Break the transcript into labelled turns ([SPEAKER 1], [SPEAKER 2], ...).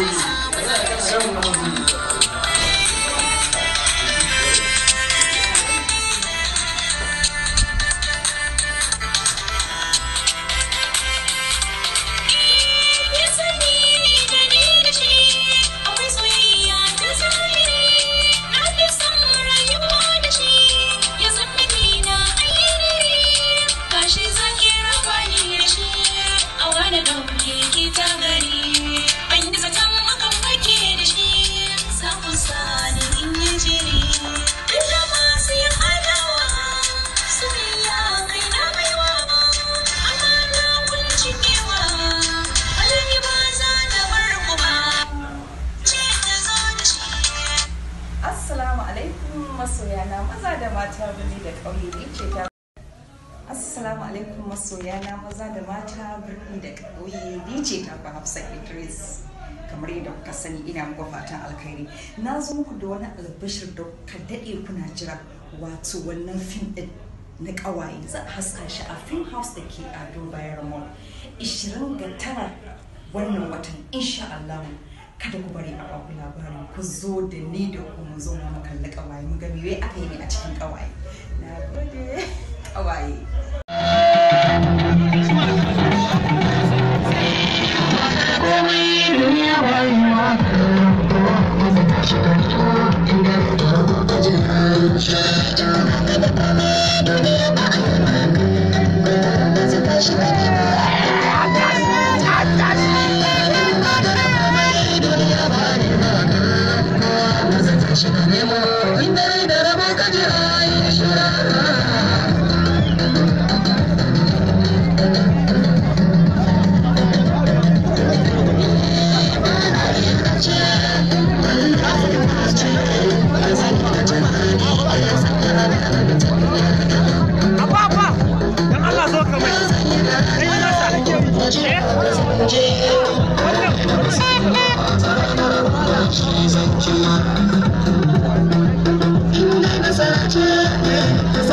[SPEAKER 1] Please.
[SPEAKER 2] Assalamu alaikum masoya na maza da mata birni da ƙauye ni ce ta ba Hafsa Idris kamar yadda kuka sani ina muku fatan alkhairi na zo muku da wani albishir da ka daɗe kuna jira wato wannan fim ɗin na ƙawaye za a haska shi a film house da ke a Dubai Ramon tara wannan watan insha Allah kada ku bari a baku labarin ku zo da ni da ku mu zo mu kalli kawaye mu ga wai aka yi ne a cikin kawaye na gode kawaye
[SPEAKER 1] Komai duniya shi da nemo in dare da rabo ka ji ayi shira ka